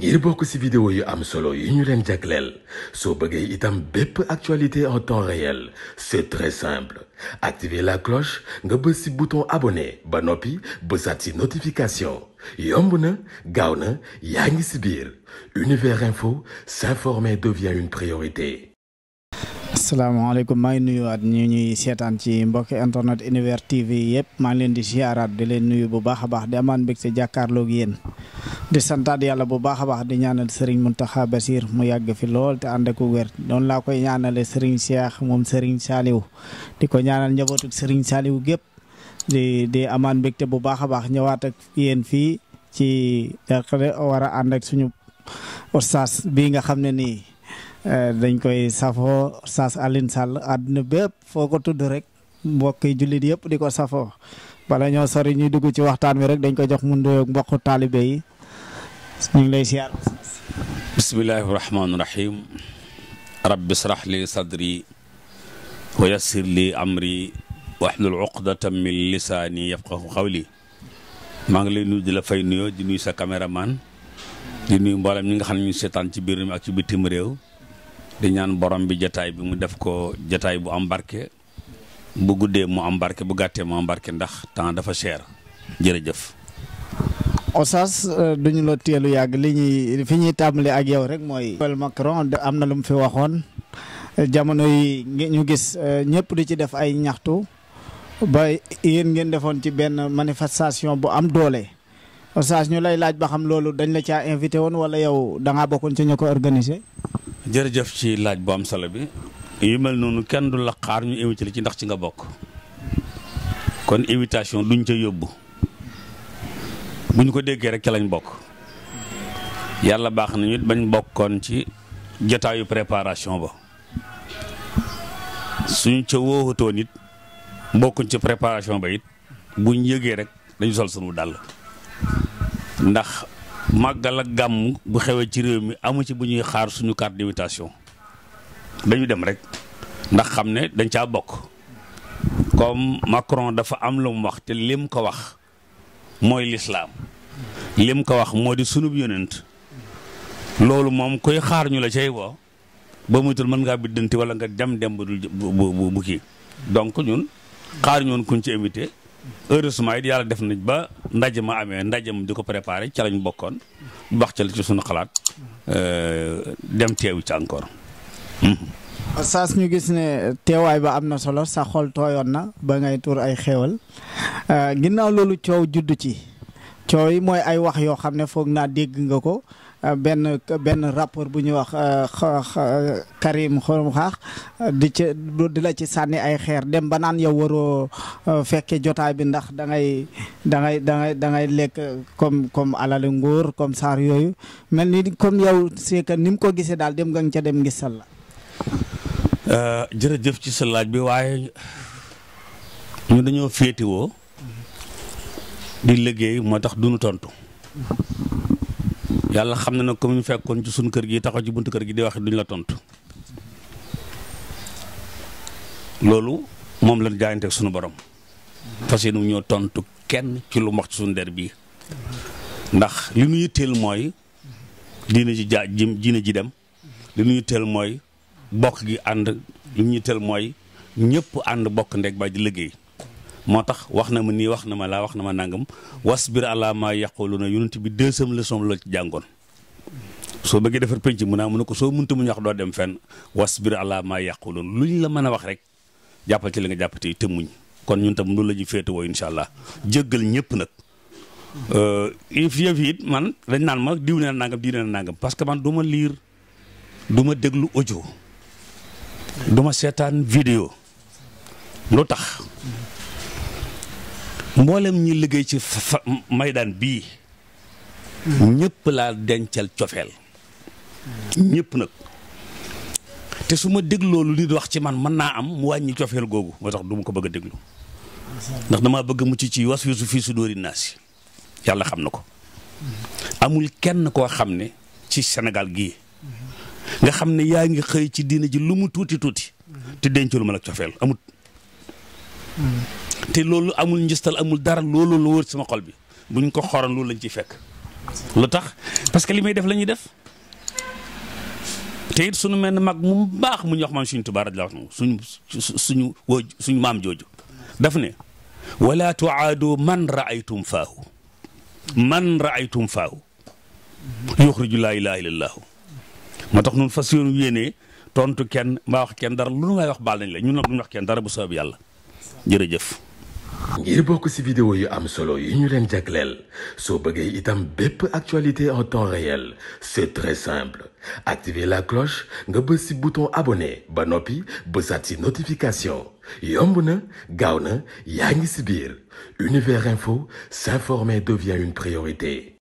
ngir bokk ci vidéo yu am solo yu ñu leen jagleel soo bëggee itam bépp actualité en temps réel c'est très simple activer la cloche nga bës ci abonné ba noppi ba bësaat ci notification yomb na gaaw na yaa ngi ci biir univers info s'informer devient une priorité asalaamaaleykum maa ngi nuyuwaat ñu ñuy seetaan ci mbokke internet univers TV yëpp maa ngi leen di siyaaraat di leen nuyu bu baax baax di amaan mbégte jàkkaarloog yéen di santaat yàlla bu baax a baax di ñaanal Serigne Mountakha basir mu yàgg fi lool te ànd ak wér noonu laa koy ñaanale Serigne Cheikh moom Serigne Saliou di ko ñaanal njabootuk Serigne Saliou gépp di di amaan mbégte bu baax a baax ñëwaat ak yéen fii ci war a ànd ak suñu oustaz bii nga xam ne nii. Eh, dañ koy safoo Oustaz Alioune Sall àdduna bépp foo ko tudd rek mbokki jullit yëpp di ko safoo bala ñoo sori ñuy dugg ci waxtaan wi rek dañ koy jox mu nuyoo mbokku taalibe yi ngi lay siyaar bismillahi rahmaani rahim rabbi srah li sadri wa yassir amri wahlul uqdatan min lisaani yafqahu qawli maa ngi lay nuyu di la fay nuyoo di nuyu sa caméraman di nuyu mboolem ñi nga xam ne ñu seetaan ci biir mi ak ci bitim réew di ñaan borom bi jataay bi mu def ko jataay bu am barke bu guddee mu am barke bu gàttee mu am ndax temps dafa cher jërëjëf. Oustaz euh, duñu la teelu yàgg li ñuy fi ñuy tàmbali ak yow rek mooy. Macron am na lu mu fi waxoon jamono yi ñu gis euh, ñëpp di ci def ay ñaxtu ba yéen ngeen defoon ci benn manifestation bu am doole Oustaz ñu lay laaj ba xam loolu dañ la caa invité woon wala yow da ngaa bokkoon ci ñu ko organiser. jërëjëf ci laaj bu am solo bi yu mel noonu kenn du la xaar ñu invité la ci ndax ci nga bokk kon invitation duñ ca yóbbu bu ñu ko déggee rek ca lañ bokk yàlla baax na ñut bañ bokkoon ci jotaayu préparation ba suñ ca wóoxatoon it mbokkuñ ci préparation ba it buñ yëgee rek dañu sol sunu dàll ndax màggal la gàmm bu xewee ci réew mi amu ci bu ñuy xaar suñu carte d'invitation dañu dem rek ndax xam ne dañ caa bokk comme Macron dafa am lu mu wax te lim ko wax mooy lislaam lim ko wax moo di sunub yonent loolu moom koy xaar ñu la cay woo ba muytul mën ngaa biddanti wala nga dem dem bu bu bu kii donc ñun xaar ñoon kuñ ci invité heureusement it yàlla def nañ ba ndaje ma amee ndaje ma di ko préparé ca lañ bokkoon wax ca la ci suñu xalaat euh, dem teewu ci encore. Mm-hmm. saas ñu gis ne teewaay ba am na solo sa xol tooyoon na ba ngay tuur ay xéewal euh, ginnaaw loolu coow judd ci. coow yi mooy ay wax yoo xam ne foog naa dégg nga ko euh, benn benn rapport bu ñuy wax euh, Karim xorom xaax euh, di ci di la ci sànni ay xeer dem ba naan yow waroo fekke jotaay bi ndax da ngay dangay ngay da ngay lekk comme comme alali nguur comme saar yooyu mel ni comme yow c'est ni mu ko gisee daal dem nga ca dem ngis sal la jërëjëf ci sa bi waaye ñu dañoo féetewoo di liggéey moo tax duñu tontu yàlla xam na ne comme ñu fekkoon ci suñu kër gi taxaw ci buntu kër gi di wax duñ la tontu loolu moom lañ jaayanteeg sunu borom fas nu ñoo tontu kenn ci lu wax ci suñu der bii ndax li ñu yitteel mooy diina ji jaa ji diina ji dem li ñu yitteel mooy bokk gi ànd li ñu yitteel mooy ñëpp ànd bokk ndeg ba di liggéey. moo tax wax na ma nii wax na ma laa wax na ma nangam wasbir alaa maa yaquluuna yonent bi deuxième leçon la ci jàngoon soo bëggee defar penc mu naa mu ne ko soo munta mu wax doo dem fenn wasbir alaa maa yaquluun lu ñu la mën a wax rek jàppal ci li nga jàppati te muñ kon ñu tam loolu la ñuy féetewoo incha allah jéggal ñëpp nag. if euh, yëf yi it man dañ naan ma diw na nangam diw na nangam parce que man du ma liir du ma déglu audio du ma seetaan vidéo lu tax. mboolem ñi liggéey ci maydaan bii ñëpp laa dencal cofeel ñépp nag te su ma dégloo lu nit wax ci man mën naa am mu wàññi cofeel googu moo tax du ma ko bëgg a déglu ndax damaa bëgg mucc ci was wisu fii su dóori naas yàlla xam na ko amul kenn koo xam ne ci senegal gii nga xam ne yaa ngi xëy ci diina ji lu mu tuuti tuuti te dencalu ma cofeel amut te loolu amul njëstal amul dara loolu la wër sama xol bi buñ ko xoran loolu lañ ciy fekk. lu tax parce que li may def lañuy def te it suñu mel ne mag mu baax mu ñu wax maam suñu Tuubaa radiyallaahu anhu suñu suñu suñu maam jooju daf ne. wala tuaadu man raaytum faahu man raaytum faahu yuxriju laa ilaaha illallaahu moo tax ñun fas yoonu yéenee tontu kenn mbaa wax kenn dara lu nu waay wax baal nañ la ñun nag duñ wax kenn dara bu soobee yàlla jërëjëf ngir bokk si vidéo yu am solo yi ñu leen jagleel soo bëggee itam bépp actualité en temps réel c'est très simple activer la cloche nga bës si bouton abonné ba noppi ba bësaat ci notification yomb na gaaw na yaa ngi ci biir univers info s'informer devient une priorité